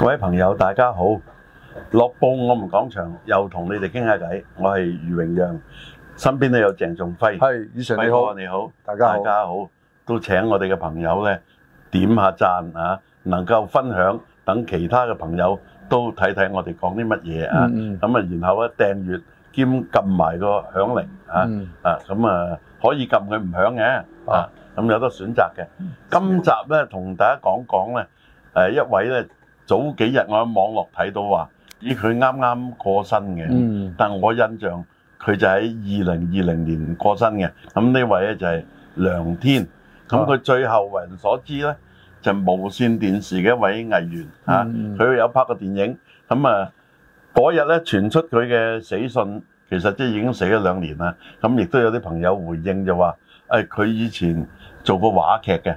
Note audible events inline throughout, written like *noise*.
各位朋友，大家好！《樂報》我們講場又同你哋傾下偈，我係余榮讓，身邊都有鄭仲輝，係，你好，你好，大家好，大家好，都請我哋嘅朋友咧點下讚啊，能夠分享，等其他嘅朋友都睇睇我哋講啲乜嘢啊，咁啊，然後咧訂閱兼撳埋個響鈴啊，啊，咁啊可以撳佢唔響嘅啊，咁有得選擇嘅。今集咧同大家講講咧，誒，一位咧。早幾日我喺網絡睇到話，咦佢啱啱過身嘅，但係我印象佢就喺二零二零年過身嘅。咁呢位咧就係梁天，咁佢最後為人所知咧就無線電視嘅一位藝員啊，佢有拍過電影。咁啊嗰日咧傳出佢嘅死訊，其實即係已經死咗兩年啦。咁亦都有啲朋友回應就話，誒佢以前做過話劇嘅。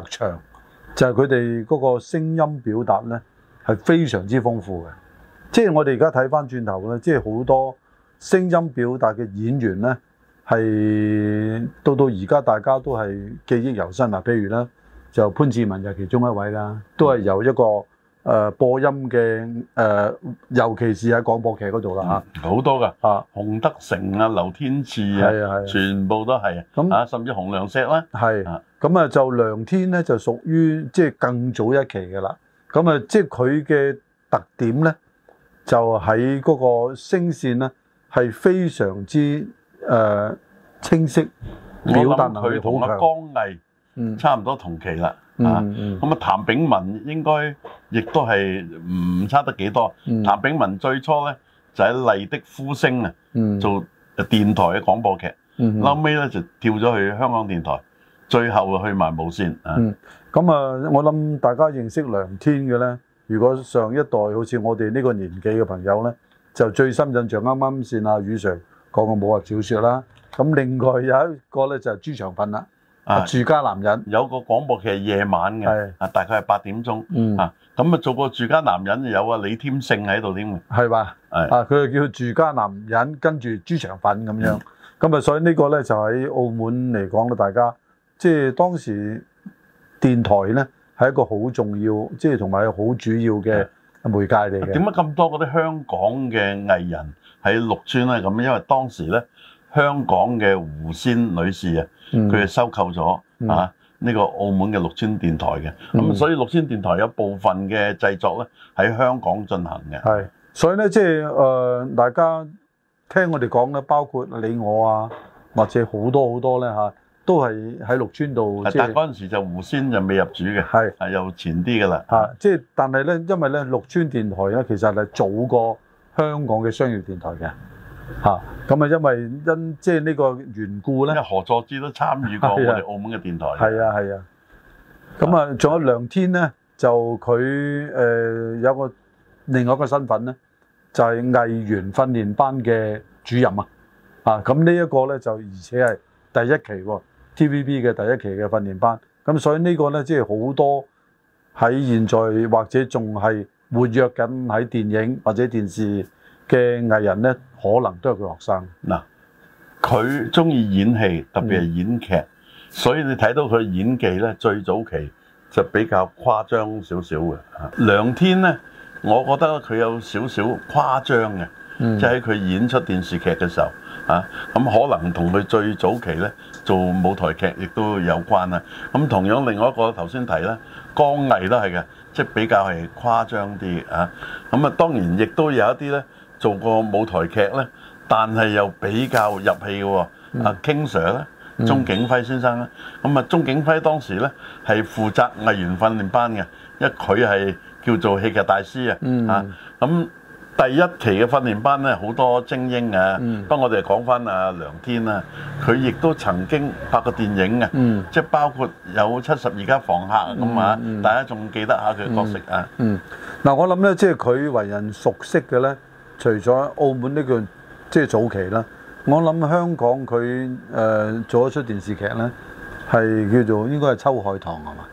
特長就係佢哋嗰個聲音表達，呢係非常之豐富嘅。即係我哋而家睇翻轉頭咧，即係好多聲音表達嘅演員呢，係到到而家大家都係記憶猶新喇。譬如呢，就潘志文就其中一位啦，都係由一個。嗯誒、呃、播音嘅誒、呃，尤其是喺廣播劇嗰度啦嚇，好、嗯、多噶嚇，啊、洪德成啊、劉天賜啊，的全部都係、嗯、啊，甚至洪良石咧，係咁啊，就梁天咧就屬於即係更早一期嘅啦。咁啊，即係佢嘅特點咧，就喺嗰個聲線咧係非常之誒清晰，表達佢好嘅光藝。嗯差唔多同期啦，啊，咁啊，譚炳文應該亦都係唔差得幾多。譚炳文最初咧就喺麗的呼聲啊，做電台嘅廣播劇，後尾咧就跳咗去香港電台，最後去埋無線啊。咁啊，我諗大家認識梁天嘅咧，如果上一代好似我哋呢個年紀嘅朋友咧，就最深印象，啱啱先阿宇 Sir 講過武俠小説啦。咁另外有一個咧就係朱長奮啦。住家男人、啊、有個廣播劇係夜晚嘅，啊的大概係八點鐘，嗯、啊咁啊做個住家男人有啊李添勝喺度添，係嘛吧？的啊佢就叫住家男人跟住豬腸粉咁樣，咁啊、嗯、所以個呢個咧就喺澳門嚟講咧，大家即係、就是、當時電台咧係一個好重要，即係同埋好主要嘅媒介嚟嘅。點解咁多嗰啲香港嘅藝人喺陸村咧？咁因為當時咧。香港嘅胡仙女士啊，佢係收購咗啊呢個澳門嘅綠邨電台嘅，咁、嗯、所以綠邨電台有部分嘅製作咧喺香港進行嘅。係，所以咧即係誒大家聽我哋講咧，包括你我啊，或者好多好多咧嚇、啊，都係喺綠邨度是、啊。但嗰陣時就胡仙就未入主嘅。係，係又前啲嘅啦。嚇，即係但係咧，因為咧綠邨電台咧，其實係早過香港嘅商業電台嘅。吓咁啊，因為因即係呢個緣故咧，何作芝都參與過我哋澳門嘅電台。係啊係啊，咁啊，仲、啊啊、有梁天咧，就佢誒、呃、有個另外一個身份咧，就係、是、藝員訓練班嘅主任啊。啊，咁呢一個咧就而且係第一期、啊、TVB 嘅第一期嘅訓練班。咁所以個呢個咧即係好多喺現在或者仲係活躍緊喺電影或者電視嘅藝人咧，可能都係佢學生。嗱，佢中意演戲，特別係演劇，嗯、所以你睇到佢演技咧，最早期就比較誇張少少嘅。啊、梁天咧，我覺得佢有少少誇張嘅，即係喺佢演出電視劇嘅時候啊，咁、啊啊嗯、可能同佢最早期咧做舞台劇亦都有關啊。咁同樣另外一個頭先提咧，江毅都係嘅，即、就、係、是、比較係誇張啲啊。咁啊，當然亦都有一啲咧。做過舞台劇呢，但係又比較入戲嘅喎。阿、嗯、King Sir 咧，鍾景輝先生咧，咁啊、嗯，鍾景輝當時呢，係負責藝員訓練班嘅，因為佢係叫做戲劇大師、嗯、啊。啊，咁第一期嘅訓練班呢，好多精英啊。不過、嗯，我哋講翻啊，梁天啊，佢亦都曾經拍過電影啊，即係、嗯、包括有七十二家房客咁啊，大家仲記得下佢嘅角色啊、嗯？嗯，嗱、嗯嗯嗯嗯呃，我諗呢，即係佢為人熟悉嘅呢。 *music* 除咗澳門呢個即係早期啦，我諗香港佢誒做一出電視劇咧，係叫做應該係《秋海棠》啊嘛。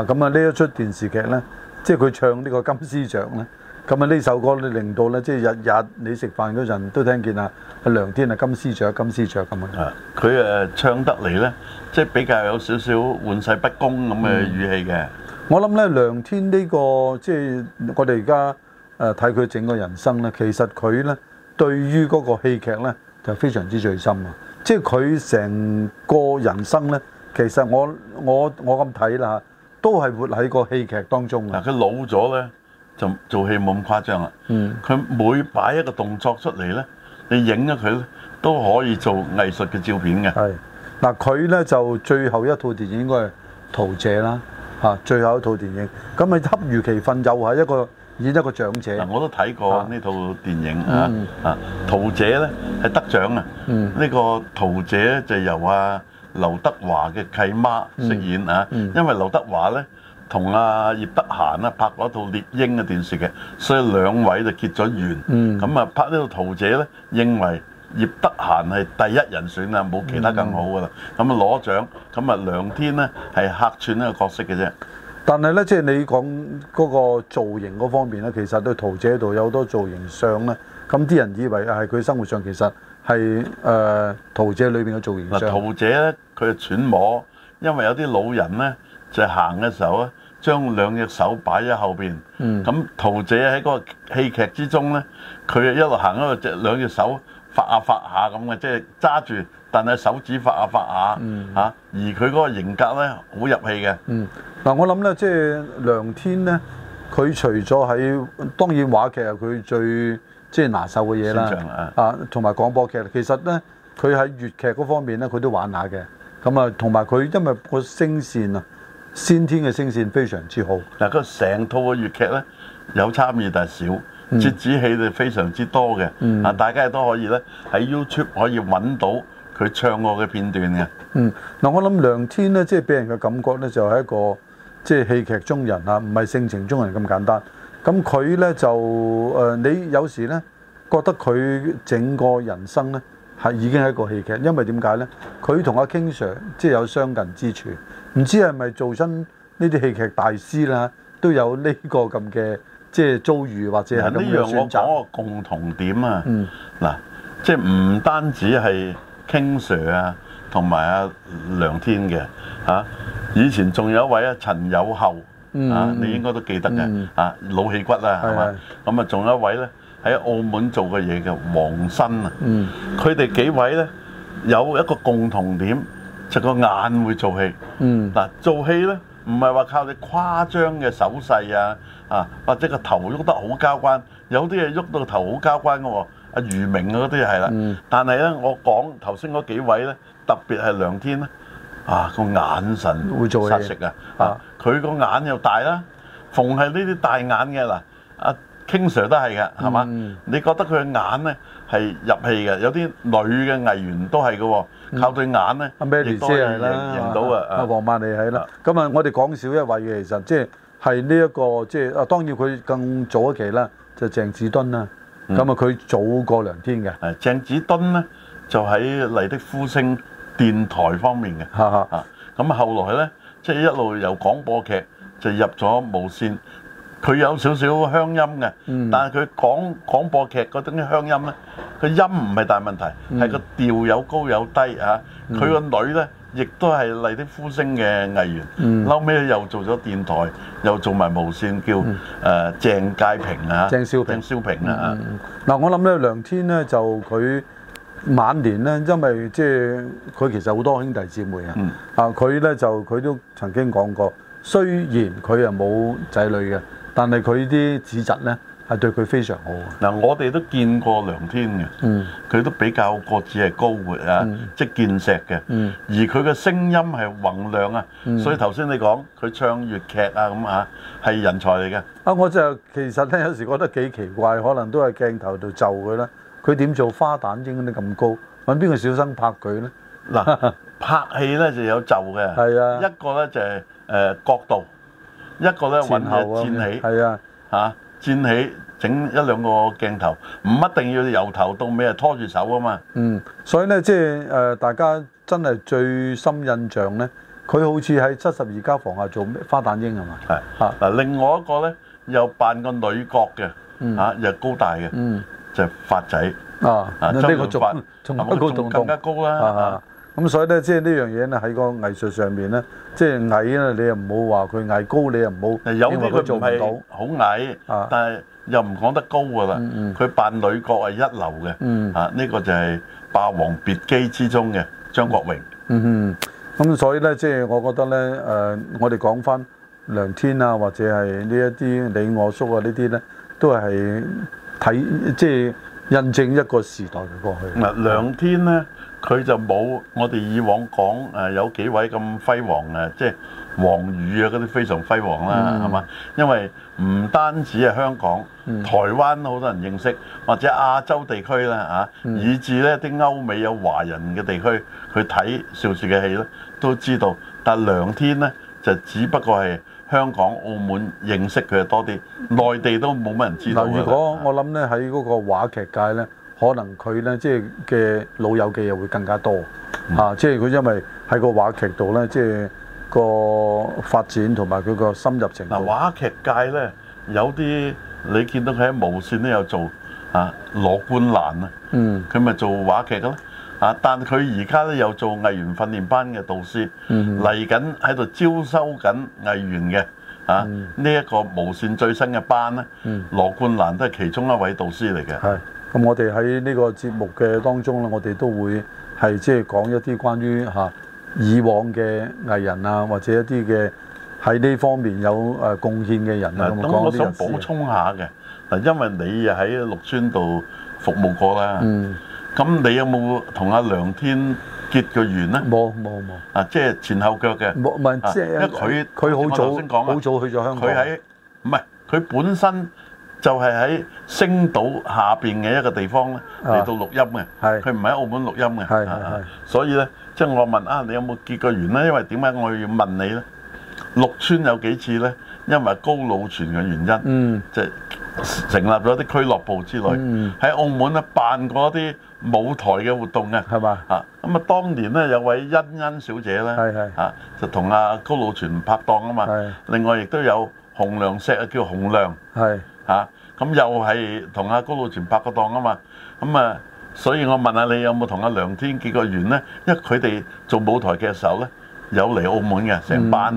啊咁啊，呢一出電視劇咧，即係佢唱呢個《金絲雀》咧，咁啊呢首歌咧，令到咧，即係日日你食飯嗰陣都聽見啊啊！梁天啊，《金絲雀》、《金絲雀》咁啊。啊，佢誒唱得嚟咧，即係比較有少少玩世不恭咁嘅語氣嘅。我諗咧，梁天呢個即係我哋而家。誒睇佢整個人生咧，其實佢咧對於嗰個戲劇咧就非常之醉心啊！即係佢成個人生咧，其實我我我咁睇啦，都係活喺個戲劇當中。嗱，佢老咗咧就做戲冇咁誇張啦。嗯，佢每擺一個動作出嚟咧，你影咗佢咧都可以做藝術嘅照片嘅。係。嗱，佢咧就最後一套電影應該係桃姐啦嚇，最後一套電影，咁咪恰如其分就係一個演一個長者。嗱，我都睇過呢套電影啊！啊，桃姐咧係得獎啊！呢個桃姐就由啊劉德華嘅契媽飾演啊。因為劉德華咧同啊葉德嫻咧拍過一套《獵鷹》嘅電視劇，所以兩位就結咗緣。咁啊拍呢套《桃姐》咧，認為葉德嫻係第一人選啦，冇其他更好噶啦。咁啊攞獎，咁啊梁天咧係客串呢個角色嘅啫。但係咧，即、就、係、是、你講嗰個造型嗰方面咧，其實對陶姐度有好多造型上咧。咁啲人以為係佢生活上其實係誒、呃、陶姐裏邊嘅造型。陶姐咧，佢係揣摩，因為有啲老人咧就行、是、嘅時候啊，將兩隻手擺喺後邊。咁、嗯、陶姐喺嗰個戲劇之中咧，佢係一路行一路隻兩隻手發下、啊、發下咁嘅，即係揸住。但係手指發下發下嚇、嗯啊，而佢嗰個型格咧好入氣嘅。嗱、嗯呃，我諗咧，即、就、係、是、梁天咧、啊，佢除咗喺當然話劇係佢最即係拿手嘅嘢啦，就是、啊，同埋廣播劇。其實咧，佢喺粵劇嗰方面咧，佢都玩下嘅。咁啊，同埋佢因為個聲線啊，先天嘅聲線非常之好。嗱、嗯，佢成、嗯嗯、套嘅粵劇咧，有參與但係少，折子戲就非常之多嘅。啊，大家亦都可以咧喺 YouTube 可以揾到。佢唱過嘅片段嘅。嗯，嗱，我諗梁天咧，即係俾人嘅感覺咧，就係、是、一個即係戲劇中人啊，唔係性情中人咁簡單。咁佢咧就誒、呃，你有時咧覺得佢整個人生咧係已經係一個戲劇，因為點解咧？佢同阿 King Sir 即係有相近之處，唔知係咪做親呢啲戲劇大師啦，都有呢個咁嘅即係遭遇或者係咁嘅選擇。呢我講個共同點啊，嗱、嗯，即係唔單止係。King Sir 啊，同埋阿梁天嘅嚇、啊，以前仲有一位啊陳有后、嗯、啊，你應該都記得嘅、嗯、啊老戲骨啦、啊，係嘛、嗯？咁啊仲有一位咧喺澳門做嘅嘢嘅黃新啊，佢哋、嗯、幾位咧有一個共同點，就個眼會做戲，嗱、嗯嗯啊、做戲咧唔係話靠你誇張嘅手勢啊啊，啊或者個頭喐得好交關，有啲嘢喐到個頭好交關嘅喎。阿余明嗰啲係啦，但係咧，我講頭先嗰幾位咧，特別係梁天咧，啊個眼神會做戲，殺食啊！啊，佢個眼又大啦，逢係呢啲大眼嘅嗱，阿 King Sir 都係嘅，係嘛？你覺得佢嘅眼咧係入戲嘅，有啲女嘅藝員都係嘅喎，靠對眼咧，亦多嘢贏到啊！阿黃曼梨係啦，咁啊，我哋講少一位嘅，其實即係係呢一個即係啊，當然佢更早一期啦，就鄭子敦啦。咁啊，佢早、嗯、過梁天嘅，鄭子敦咧就喺麗的呼聲電台方面嘅，咁、 *laughs* 啊、後來咧即係一路由廣播劇就入咗無線。佢有少少鄉音嘅，但係佢講廣播劇嗰啲鄉音咧，佢音唔係大問題，係個、嗯、調有高有低嚇。佢個、嗯、女咧，亦都係嚟啲呼聲嘅藝員，嗯、後尾又做咗電台，又做埋無線，叫誒、嗯呃、鄭介平，鄭少平啊，鄭少平，鄭少平啊。嗱，我諗咧，梁天咧就佢晚年咧，因為即係佢其實好多兄弟姊妹啊，啊佢咧就佢都曾經講過，雖然佢又冇仔女嘅。但係佢啲資質咧，係對佢非常好啊！嗱，我哋都見過梁天嘅，佢都比較個子係高活啊，即見石嘅，而佢嘅聲音係宏亮啊，所以頭先你講佢唱粵劇啊咁嚇，係人才嚟嘅。啊，我就其實咧有時覺得幾奇怪，可能都係鏡頭度就佢啦。佢點做花旦應該咁高？揾邊個小生拍佢咧？嗱，拍戲咧就有就嘅，係啊，一個咧就係誒角度。一個咧混合戰起，係啊嚇，戰起整一兩個鏡頭，唔一定要由頭到尾啊拖住手啊嘛。嗯，所以咧即係誒大家真係最深印象咧，佢好似喺七十二家房客做咩花旦英係嘛？係嚇，嗱，另外一個咧又扮個女角嘅嚇，又高大嘅，就係發仔啊啊，周潤發仲更加高啦咁所以咧，即係呢樣嘢咧喺個藝術上面咧，即係矮咧，你又唔好話佢矮高，你又唔好，因為佢做唔到好矮啊！但係又唔講得高㗎喇，佢扮女角係一流嘅啊！呢個就係《霸王別姬》之中嘅張國榮。咁所以咧，即係我覺得咧，誒，我哋講返梁天啊，或者係呢一啲你我叔啊呢啲咧，都係睇即係印證一個時代嘅過去。嗱，梁天咧。佢就冇我哋以往講誒有幾位咁輝煌啊，即係黃宇啊嗰啲非常輝煌啦，係嘛、嗯？因為唔單止係香港、嗯、台灣好多人認識，或者亞洲地區咧嚇，啊嗯、以至呢啲歐美有華人嘅地區去睇邵氏嘅戲咧，都知道。但梁天呢，就只不過係香港、澳門認識佢多啲，內地都冇乜人知道。如果我諗呢，喺嗰個話劇界呢。可能佢咧，即係嘅老友記又會更加多嚇，即係佢因為喺個話劇度咧，即係個發展同埋佢個深入程度。嗱，話劇界咧有啲你見到佢喺無線都有做嚇、啊，羅冠蘭啊，嗯，佢咪做話劇嘅咯，啊，但佢而家咧有做藝員訓練班嘅導師，嚟緊喺度招收緊藝員嘅，啊，呢一、嗯、個無線最新嘅班咧，嗯，羅冠蘭都係其中一位導師嚟嘅，係。咁我哋喺呢個節目嘅當中咧，我哋都會係即係講一啲關於嚇、啊、以往嘅藝人啊，或者一啲嘅喺呢方面有誒貢獻嘅人啊。咁、嗯、我想補充下嘅嗱，嗯、因為你又喺陸川度服務過啦。嗯。咁你有冇同阿梁天結個緣咧？冇冇冇。啊，即係前後腳嘅。冇唔係即係。因為佢佢好早好早去咗香港。佢喺唔係佢本身。就係喺星島下邊嘅一個地方咧，嚟到錄音嘅，佢唔喺澳門錄音嘅，所以咧即係我問啊，你有冇結過緣咧？因為點解我要問你咧？陸村有幾次咧？因為高佬全嘅原因，即係成立咗啲俱樂部之類，喺澳門咧辦過一啲舞台嘅活動嘅，係嘛啊？咁啊，當年咧有位欣欣小姐咧，啊就同阿高佬全拍檔啊嘛，另外亦都有洪亮石啊，叫洪亮，係。嚇！咁又係同阿高佬全拍過檔啊嘛，咁啊，所以我問下你有冇同阿梁天結過緣咧？因為佢哋做舞台嘅時候咧，有嚟澳門嘅成班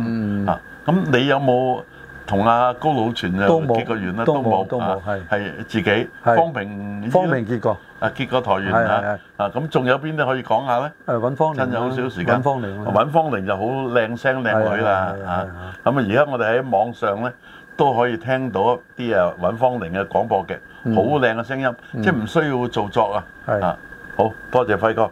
啊。咁你有冇同阿高佬全啊結過緣咧？都冇，都冇，都冇，係係自己方平。方平結過啊，結過台緣啊。啊，咁仲有邊啲可以講下咧？誒，揾方。趁有少少時間，揾方玲。揾方玲就好靚聲靚女啦嚇。咁啊，而家我哋喺網上咧。都可以聽到一啲誒尹芳玲嘅廣播劇，好靚嘅聲音，嗯、即係唔需要做作啊！係是啊，好多謝輝哥。